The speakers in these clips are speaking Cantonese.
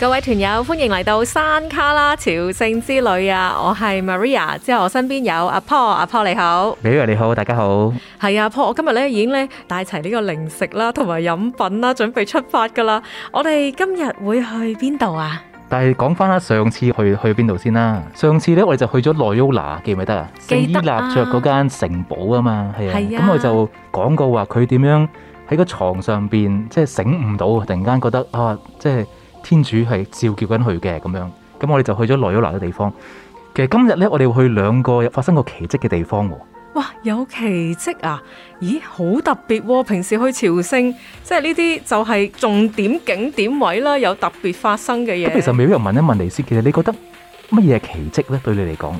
各位團友，歡迎嚟到山旮旯朝聖之旅啊！我係 Maria，之後我身邊有阿 Paul，阿 Paul 你好，Maria 你，你好，大家好。係啊，Paul，我今日咧已經咧帶齊呢個零食啦，同埋飲品啦，準備出發噶啦。我哋今日會去邊度啊？但係講翻啦，上次去去邊度先啦？上次咧我哋就去咗 Loyola，記唔記得啊？記得啊，聖伊納爵嗰間城堡啊嘛，係啊。咁、啊嗯、我就講過話，佢點樣喺個床上邊，即係醒唔到，突然間覺得啊，即係。天主係召叫緊佢嘅咁樣，咁我哋就去咗奈若拿嘅地方。其實今日咧，我哋要去兩個發生過奇蹟嘅地方喎。哇，有奇蹟啊！咦，好特別喎、啊。平時去朝聖，即係呢啲就係重點景點位啦，有特別發生嘅嘢。咁其實未有人問一問你先，其實你覺得乜嘢係奇蹟咧？對你嚟講？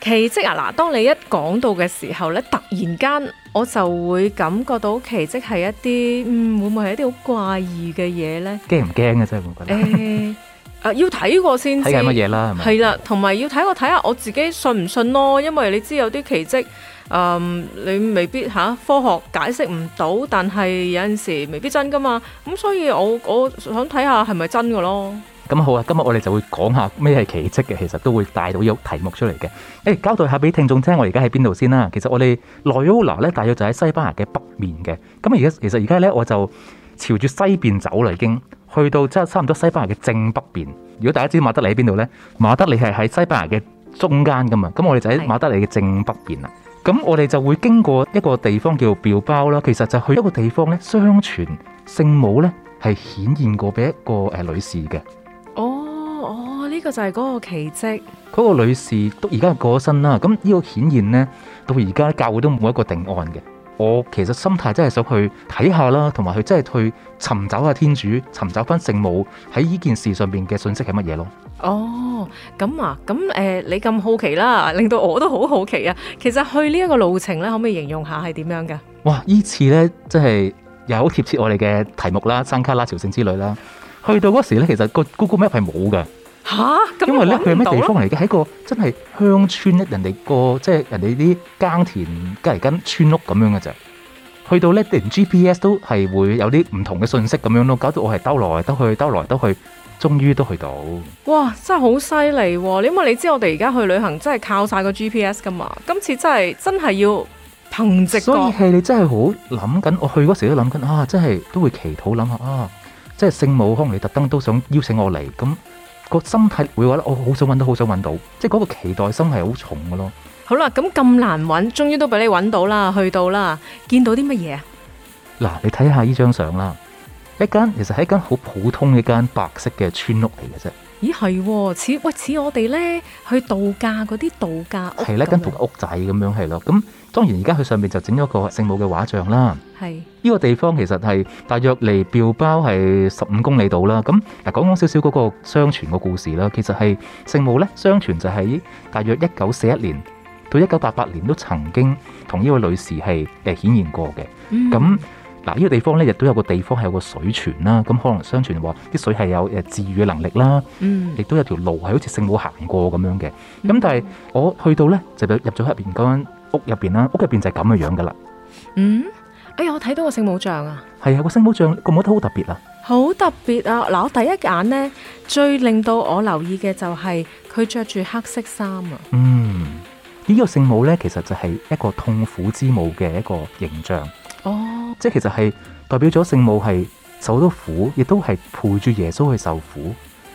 奇蹟啊嗱！當你一講到嘅時候咧，突然間我就會感覺到奇蹟係一啲，嗯，會唔會係一啲好怪異嘅嘢咧？驚唔驚嘅啫，我覺得。誒 啊，要睇過先。睇係乜嘢啦？係咪？係啦，同埋要睇我睇下我自己信唔信咯，因為你知有啲奇蹟，嗯，你未必吓、啊、科學解釋唔到，但係有陣時未必真噶嘛，咁所以我我想睇下係咪真噶咯。咁好啊！今日我哋就會講下咩係奇蹟嘅，其實都會帶到有題目出嚟嘅。誒、哎，交代下俾聽眾聽，我而家喺邊度先啦？其實我哋 Loyola 咧，大約就喺西班牙嘅北面嘅。咁而家其實而家咧，我就朝住西邊走啦，已經去到即係差唔多西班牙嘅正北邊。如果大家知道馬德里喺邊度咧，馬德里係喺西班牙嘅中間噶嘛。咁我哋就喺馬德里嘅正北邊啦。咁是我哋就會經過一個地方叫畢爾包啦。其實就去一個地方咧，相傳聖母咧係顯現過俾一個誒女士嘅。呢個就係嗰個奇蹟。嗰個女士都而家過咗身啦，咁呢個顯現呢，到而家教會都冇一個定案嘅。我其實心態真係想去睇下啦，同埋佢真係去尋找下天主，尋找翻聖母喺呢件事上邊嘅信息係乜嘢咯。哦，咁啊，咁誒、呃，你咁好奇啦，令到我都好好奇啊。其實去呢一個路程咧，可唔可以形容下係點樣嘅？哇！這次呢次咧，真係又好貼切我哋嘅題目啦，山旮旯朝聖之旅啦。去到嗰時咧，其實個 Google Map 係冇嘅。吓，因為咧，佢係咩地方嚟嘅？喺個真係鄉村，人哋個即係人哋啲耕田跟住間村屋咁樣嘅啫。去到咧，連 G P S 都係會有啲唔同嘅信息咁樣咯，搞到我係兜來兜去，兜來兜去，終於都去到。哇！真係好犀利喎！你因為你知我哋而家去旅行真係靠曬個 G P S 噶嘛？今次真係真係要憑直覺。所以係你真係好諗緊，我去嗰時都諗緊啊，真係都會祈禱諗下啊，即係聖母可能你特登都想邀請我嚟咁。個心態會話得我好想搵到，好想搵到，即係嗰個期待心係好重嘅咯。好啦，咁咁難搵，終於都俾你搵到啦，去到啦，見到啲乜嘢啊？嗱，你睇下依張相啦，一間其實係一間好普通嘅一間白色嘅村屋嚟嘅啫。咦，係喎，似喂似我哋咧去度假嗰啲度假屋，係咧間度假屋仔咁樣係咯。咁當然而家佢上面就整咗個聖母嘅畫像啦。係呢個地方其實係大約離標包係十五公里度啦。咁，嗱講講少少嗰個相傳嘅故事啦。其實係聖母咧，相傳就係大約一九四一年到一九八八年都曾經同呢位女士係誒顯現過嘅。嗯，咁。嗱，呢個地方咧亦都有個地方係有個水泉啦，咁可能相傳話啲水係有誒治癒嘅能力啦。嗯，亦都有條、嗯、路係好似聖母行過咁樣嘅。咁、嗯、但係我去到咧就入咗入邊嗰間屋入邊啦，屋入邊就係咁嘅樣噶啦。嗯，哎呀，我睇到個聖母像啊，係啊，個聖母像我覺得好特別啊，好特別啊！嗱，我第一眼咧最令到我留意嘅就係佢着住黑色衫啊。嗯，這個、呢個聖母咧其實就係一個痛苦之母嘅一個形象。即係其實係代表咗聖母係受咗苦，亦都係陪住耶穌去受苦。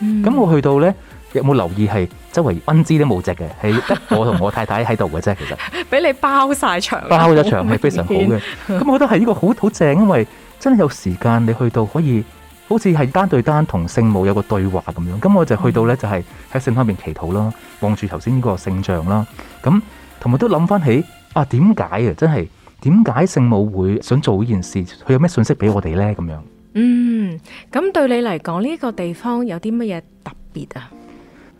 咁、嗯、我去到呢，有冇留意係周圍分支都冇隻嘅，係得我同我太太喺度嘅啫。其實俾你包晒場，包咗場係非常好嘅。咁天我覺得係呢個好好正，因為真係有時間你去到可以，好似係單對單同聖母有個對話咁樣。咁我就去到呢，嗯、就係喺聖堂面祈禱啦，望住頭先呢個聖像啦。咁同埋都諗翻起啊，點解啊？真係。點解聖母會想做呢件事？佢有咩信息俾我哋呢？咁樣，嗯，咁對你嚟講呢個地方有啲乜嘢特別啊？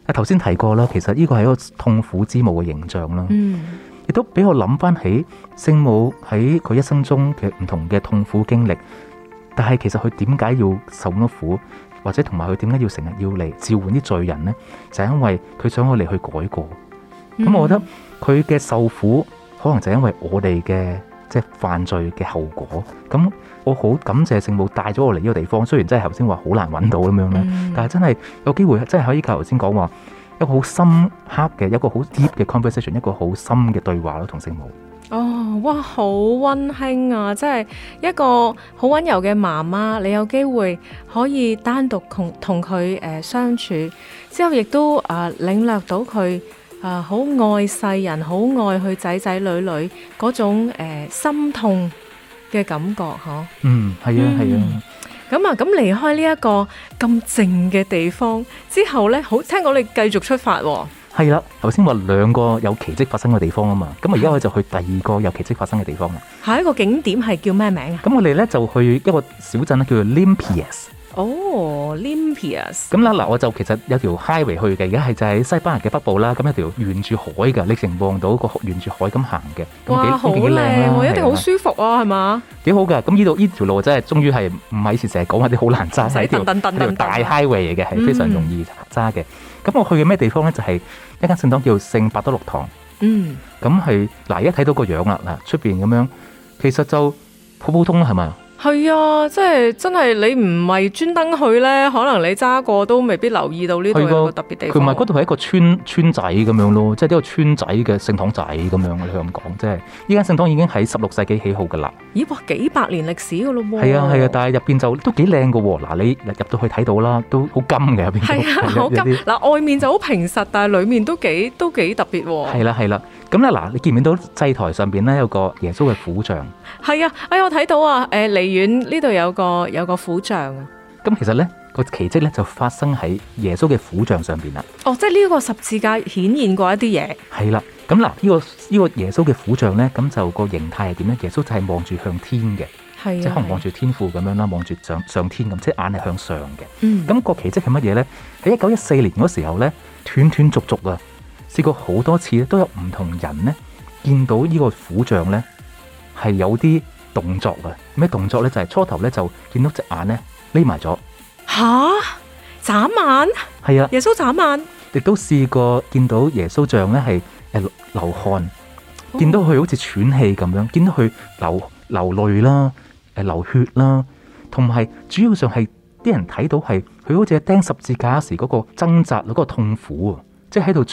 啊，頭先提過啦，其實呢個係一個痛苦之母嘅形象啦。嗯，亦都俾我諗翻起聖母喺佢一生中嘅唔同嘅痛苦經歷。但係其實佢點解要受咁多苦，或者同埋佢點解要成日要嚟召喚啲罪人呢？就係因為佢想我嚟去改過。咁，嗯，我覺得佢嘅受苦。可能就因為我哋嘅即係犯罪嘅後果，咁我好感謝聖母帶咗我嚟呢個地方。雖然真係頭先話好難揾到咁樣咧，嗯、但係真係有機會，真係可以靠頭先講話一個好深刻嘅，一個好 deep 嘅 conversation，一個好深嘅對話咯，同聖母。哦，哇，好温馨啊！即係一個好温柔嘅媽媽，你有機會可以單獨同同佢誒、呃、相處，之後亦都啊、呃、領略到佢。啊！好愛世人，好愛佢仔仔女女嗰種誒心痛嘅感覺嗬。嗯，係啊，係啊。咁啊，咁離開呢一個咁靜嘅地方之後咧，好聽講你繼續出發喎。係啦，頭先話兩個有奇蹟發生嘅地方啊嘛，咁啊而家我哋就去第二個有奇蹟發生嘅地方啦。下一個景點係叫咩名啊？咁我哋咧就去一個小鎮咧，叫做 Limpias。哦、oh, Limpias 咁啦，嗱，我就其實有一條 highway 去嘅，而家係就喺西班牙嘅北部啦。咁有條沿住海嘅，你城望到個沿住海咁行嘅。咁哇，好靚喎，很啊、吧一定好舒服啊，係嘛？幾好㗎，咁呢度呢條路真係終於係唔係以前成日講話啲好難揸，係 一， 一條大 highway 嚟嘅，係非常容易揸嘅。咁、嗯、我去嘅咩地方咧？就係、是、一間聖堂叫做聖伯多祿堂。嗯。咁係嗱，而家睇到個樣啦，嗱、呃，出邊咁樣，其實就普普通啦，係咪？係啊，即係真係你唔係專登去咧，可能你揸過都未必留意到呢度有個特別的地方。佢唔係嗰度係一個村村仔咁樣咯，即係呢個村仔嘅聖堂仔咁樣。你咁講，即係依間聖堂已經喺十六世紀起好㗎啦。咦？哇！幾百年歷史㗎咯喎。係啊係啊，但係入邊就都幾靚㗎喎。嗱，你入到去睇到啦，都好金嘅入邊。係好金。嗱，外面就好平實，但係裡面都幾都幾特別。係啦係啦，咁咧嗱，你見唔見到祭台上邊咧有個耶穌嘅苦像？係啊，哎我睇到啊，誒、呃、你。遠呢度有個有個苦像啊！咁其實咧個奇蹟咧就發生喺耶穌嘅苦像上邊啦。哦，即係呢個十字架顯現過一啲嘢。係啦，咁嗱、這個，呢個呢個耶穌嘅苦像咧，咁就個形態係點咧？耶穌就係望住向天嘅，是的 即係可能望住天父咁樣啦，的望住上上天咁，即係眼係向上嘅。嗯。咁個奇蹟係乜嘢咧？喺一九一四年嗰時候咧，斷斷續續啊，試過好多次咧，都有唔同人咧見到呢個苦像咧係有啲。動作啊咩動作咧就係、是、初頭咧就見到隻眼咧匿埋咗吓眨眼係啊耶穌眨眼亦都試過見到耶穌像咧係誒流汗、哦、見到佢好似喘氣咁樣見到佢流流淚啦誒流血啦同埋主要上係啲人睇到係佢好似釘十字架時嗰個掙扎嗰、嗰個痛苦啊。即係喺度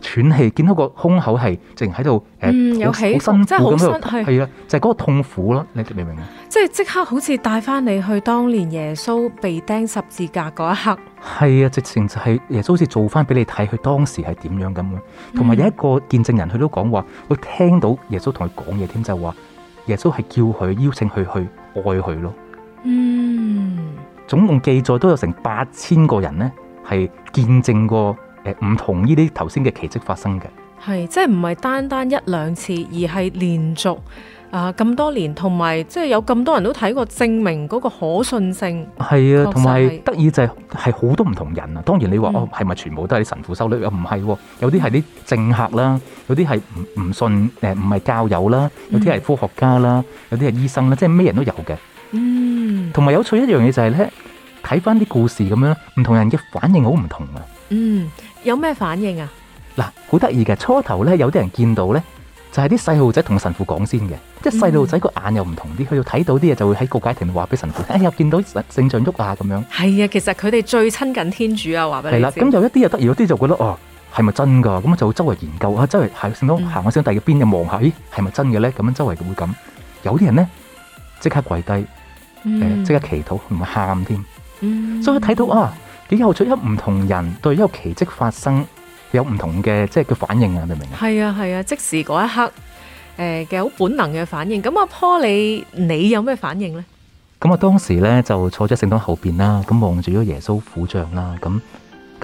喘氣，見到個胸口係，正喺度誒，很有起伏好辛苦咁樣，係啊去的，就係、是、嗰個痛苦咯，你明唔明啊？即係即刻好似帶翻你去當年耶穌被釘十字架嗰一刻。係啊，直情就係耶穌好似做翻俾你睇，佢當時係點樣咁嘅。同埋、嗯、有一個見證人他說說，佢都講話，佢聽到耶穌同佢講嘢，添就係話耶穌係叫佢邀請佢去愛佢咯。嗯，總共記載都有成八千個人咧，係見證過。誒，唔同呢啲頭先嘅奇蹟發生嘅，係即係唔係單單一兩次，而係連續啊咁多年，同埋即係有咁多人都睇過，證明嗰個可信性係啊，同埋得意就係係好多唔同人啊。當然你話、嗯、哦，係咪全部都係神父修女又唔係喎，有啲係啲政客啦，有啲係唔唔信誒，唔、呃、係教友啦，有啲係科學家啦，嗯、有啲係醫生啦，即係咩人都有嘅。嗯，同埋有，有趣的一樣嘢就係、是、咧，睇翻啲故事咁樣，唔同人嘅反應好唔同啊。嗯，有咩反應啊？嗱，好得意嘅，初頭咧有啲人見到咧，就係啲細路仔同神父講先嘅，即係細路仔個眼又唔同啲，佢要睇到啲嘢就會喺告解亭話俾神父，哎呀，見到聖像喐下咁樣。係啊，其實佢哋最親近天主啊，話俾你。係啦，咁有一啲又得意，有啲就覺得哦，係咪真噶？咁就周圍研究啊，周圍行聖龕行我第二嘅邊就望下，咦，係咪真嘅咧？咁樣周圍會咁，有啲人咧即刻跪低，呃、即刻祈禱同埋喊添。嗯，所以睇到啊。有咗一唔同人對一個奇蹟發生有唔同嘅，即係嘅反應啊，明唔明啊？係啊係啊，即時嗰一刻，誒嘅好本能嘅反應。咁阿坡，你你有咩反應咧？咁啊，當時咧就坐喺聖堂後邊啦，咁望住咗耶穌苦像啦，咁。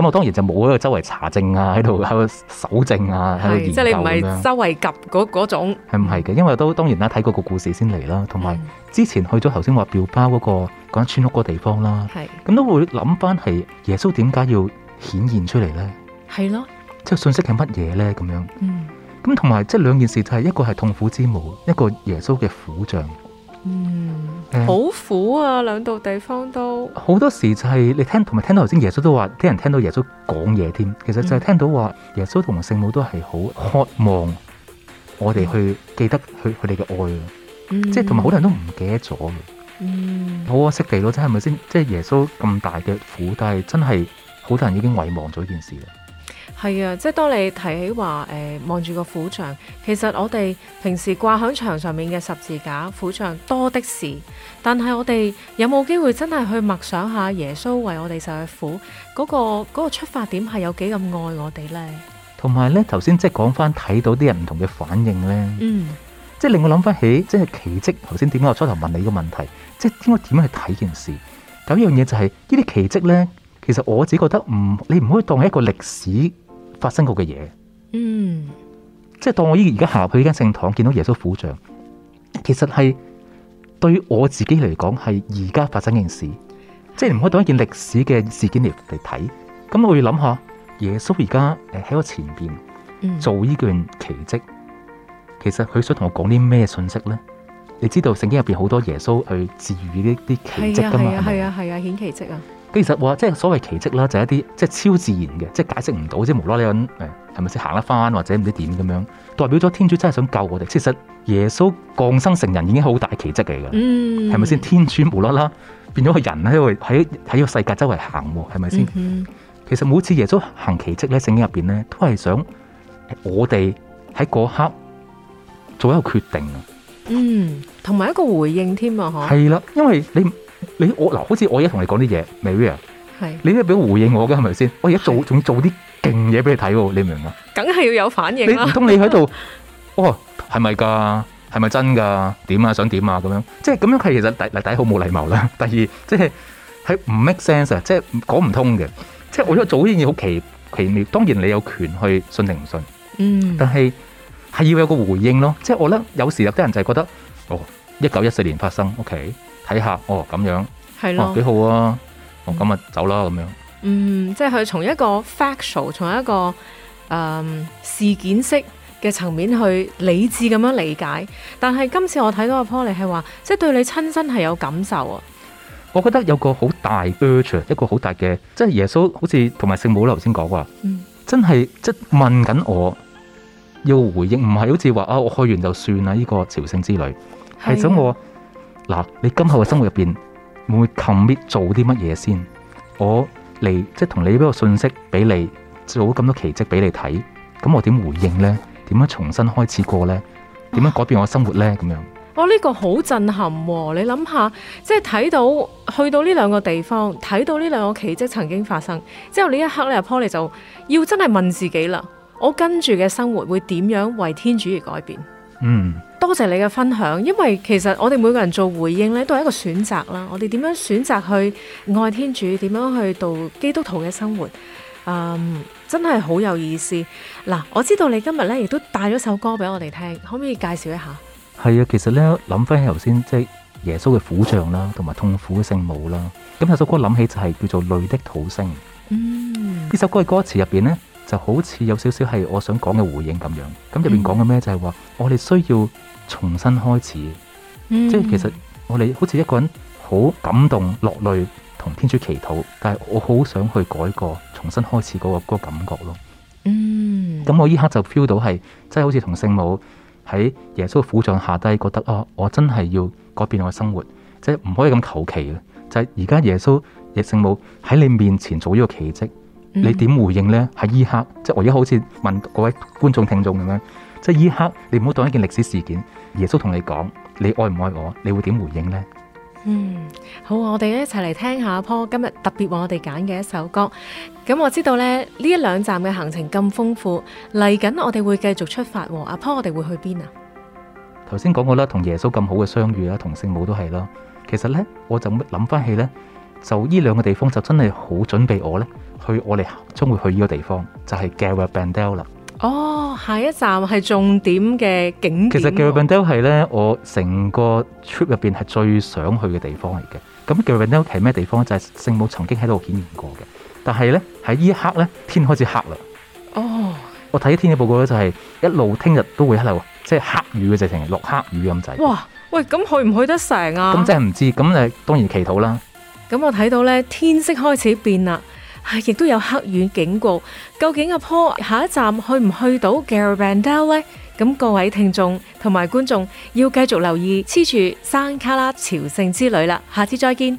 咁我當然就冇喺度周圍查證啊，喺度喺度搜證啊，喺度即係你唔係周圍及嗰嗰種。係唔係嘅？因為都當然啦，睇過個故事先嚟啦，同埋、嗯、之前去咗頭先話標包嗰、那個講、那個、村屋嗰個地方啦。係是。咁都會諗翻係耶穌點解要顯現出嚟咧？係咯的、嗯。即係信息係乜嘢咧？咁樣。嗯。咁同埋即係兩件事就係、是、一個係痛苦之母，一個耶穌嘅苦像。嗯。好、嗯、苦啊！兩度地方都好多時就係、是、你聽同埋聽到頭先耶穌都話，啲人聽到耶穌講嘢添。其實就係聽到話耶穌同聖母都係好渴望我哋去記得佢佢哋嘅愛，嗯、即係同埋好多人都唔記得咗嘅。嗯、好可惜嘅咯，即係咪先？即係耶穌咁大嘅苦，但係真係好多人已經遺忘咗件事。係啊，即係當你提起話誒，望、呃、住個苦像，其實我哋平時掛喺牆上面嘅十字架、苦像多的是，但係我哋有冇機會真係去默想下耶穌為我哋受嘅苦，嗰、那個嗰、那個出發點係有幾咁愛我哋呢？同埋呢，頭先即係講翻睇到啲人唔同嘅反應呢？嗯，即係令我諗翻起，即、就、係、是、奇蹟。頭先點解我初頭問你個問題，即係點解點樣去睇件事？咁樣嘢就係呢啲奇蹟呢。其實我自己覺得唔，你唔可以當係一個歷史發生過嘅嘢。嗯，即係當我依而家行入去呢間聖堂，見到耶穌苦像，其實係對於我自己嚟講係而家發生件事，即係唔可以當一件歷史嘅事件嚟嚟睇。咁、嗯、我要諗下，耶穌而家誒喺我前邊做呢段奇跡，嗯、其實佢想同我講啲咩信息咧？你知道聖經入邊好多耶穌去治愈呢啲奇跡噶嘛？係啊，係啊，是啊，是啊，顯奇跡啊！其實話即係所謂奇蹟啦，就係一啲即係超自然嘅，即係解釋唔到，即係無啦啦咁誒，係咪先行得翻或者唔知點咁樣，代表咗天主真係想救我哋。其實耶穌降生成人已經好大奇蹟嚟噶，係咪先？天主無啦啦變咗個人咧，因為喺喺個世界周圍行，係咪先？嗯、哼其實每次耶穌行奇蹟咧，聖經入邊咧都係想我哋喺嗰刻做一個決定啊，嗯，同埋一個回應添啊，嗬，係啦，因為你。你我嗱，好似我而家同你講啲嘢，Maria，係你都要俾回應我嘅，係咪先？我而家做仲是要做啲勁嘢俾你睇，你明唔明啊？梗係要有反應，你唔通你喺度， 哦，係咪噶？係咪真噶？點啊？想點啊？咁樣，即係咁樣係，其實第第一好冇禮貌啦。第二，即係係唔 make sense 啊，即係講唔通嘅。即係我而家做呢啲嘢好奇奇妙，當然你有權去信定唔信，嗯，但係係要有個回應咯。即係我覺得有時有啲人就係覺得，哦，一九一四年發生，OK。睇下哦，咁樣係咯的、哦，幾好啊！嗯、哦，咁啊，走啦咁樣嗯是 ual,。嗯，即係佢從一個 factual 從一個誒事件式嘅層面去理智咁樣理解。但係今次我睇到阿 Poly 係話，即係對你親身係有感受啊！我覺得有個好大 urge，一個好大嘅，即係耶穌好似同埋聖母說，嗯、我頭先講話，真係即係問緊我，要回應，唔係好似話啊，我去完就算啦，呢、這個朝聖之旅係想我。嗱，你今後嘅生活入邊會唔會冚滅做啲乜嘢先？我嚟即係同你俾個信息俾你，做咁多奇蹟俾你睇，咁我點回應呢？點樣重新開始過呢？點樣改變我生活呢？咁哇樣，我呢、哦這個好震撼、哦。你諗下，即係睇到去到呢兩個地方，睇到呢兩個奇蹟曾經發生之後呢一刻咧，阿 p a 就要真係問自己啦：我跟住嘅生活會點樣為天主而改變？嗯。多謝你嘅分享，因為其實我哋每個人做回應咧，都係一個選擇啦。我哋點樣選擇去愛天主，點樣去度基督徒嘅生活，嗯，真係好有意思嗱。我知道你今日呢亦都帶咗首歌俾我哋聽，可唔可以介紹一下？係啊，其實呢，諗翻起頭先，即、就、係、是、耶穌嘅苦像啦，同埋痛苦嘅聖母啦，咁有首歌諗起就係叫做《淚的土星》。嗯，呢首歌嘅歌詞入邊呢，就好似有少少係我想講嘅回應咁樣。咁入邊講嘅咩就係話，我哋需要，重新開始，嗯、即係其實我哋好似一個人好感動落淚，同天主祈禱，但係我好想去改過，重新開始嗰個個感覺咯。嗯，咁我依刻就 feel 到係真係好似同聖母喺耶穌嘅苦像下低，覺得哦、啊，我真係要改變我嘅生活，即係唔可以咁求其嘅。就係而家耶穌亦聖母喺你面前做呢個奇蹟，你點回應呢？喺依刻，即係我依刻好似問各位觀眾聽眾咁樣。即係呢刻，你唔好當一件歷史事件。耶穌同你講，你愛唔愛我？你會點回應呢？嗯，好，我哋一齊嚟聽下阿坡今日特別為我哋揀嘅一首歌。咁我知道呢，呢一兩站嘅行程咁豐富，嚟緊我哋會繼續出發。喎。阿坡，我哋會去邊啊？頭先講過啦，同耶穌咁好嘅相遇啦，同聖母都係啦。其實呢，我就諗翻起呢，就呢兩個地方就真係好準備我呢，去我哋將會去呢個地方，就係 Garabandal 啦。哦，下一站係重點嘅景點。其實 Garabandal 係咧，我成個 trip 入邊係最想去嘅地方嚟嘅。咁 Garabandal 係咩地方咧？就係聖母曾經喺度顯現過嘅。但係咧，喺呢一刻咧，天開始黑啦。哦，我睇天氣報告咧，就係一路聽日都會喺度，即係黑雨嘅直情，落黑雨咁滯。哇，喂，咁去唔去得成啊？咁真係唔知，咁誒當然祈禱啦。咁我睇到咧，天色開始變啦。亦都有黑雨警告，究竟阿坡下一站去唔去到 Garabandal 咧？咁各位聽眾同埋觀眾要繼續留意黐住山旮旯朝聖之旅啦！下次再見。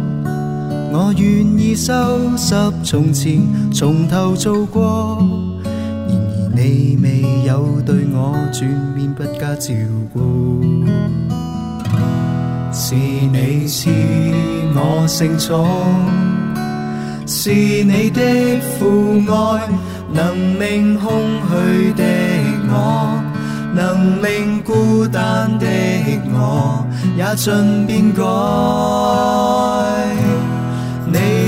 我願意收拾從前，從頭做過。然而你未有對我轉變，不加照顧。是你使我成長，是你的父愛，能令空虛的我，能令孤單的我也盡變改。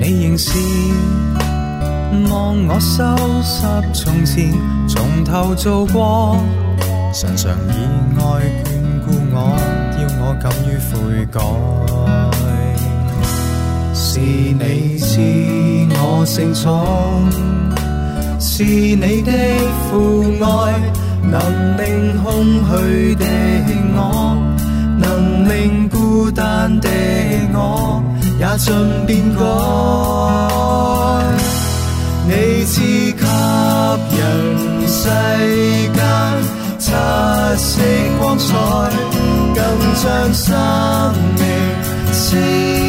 你仍是望我收拾從前，從頭做過。常常以愛眷顧我，要我敢於悔改。是你賜我聖寵，是你的父愛，能令空虛的我，能令孤單的我。也盡變改，你似給人世間擦色光彩，更將生命。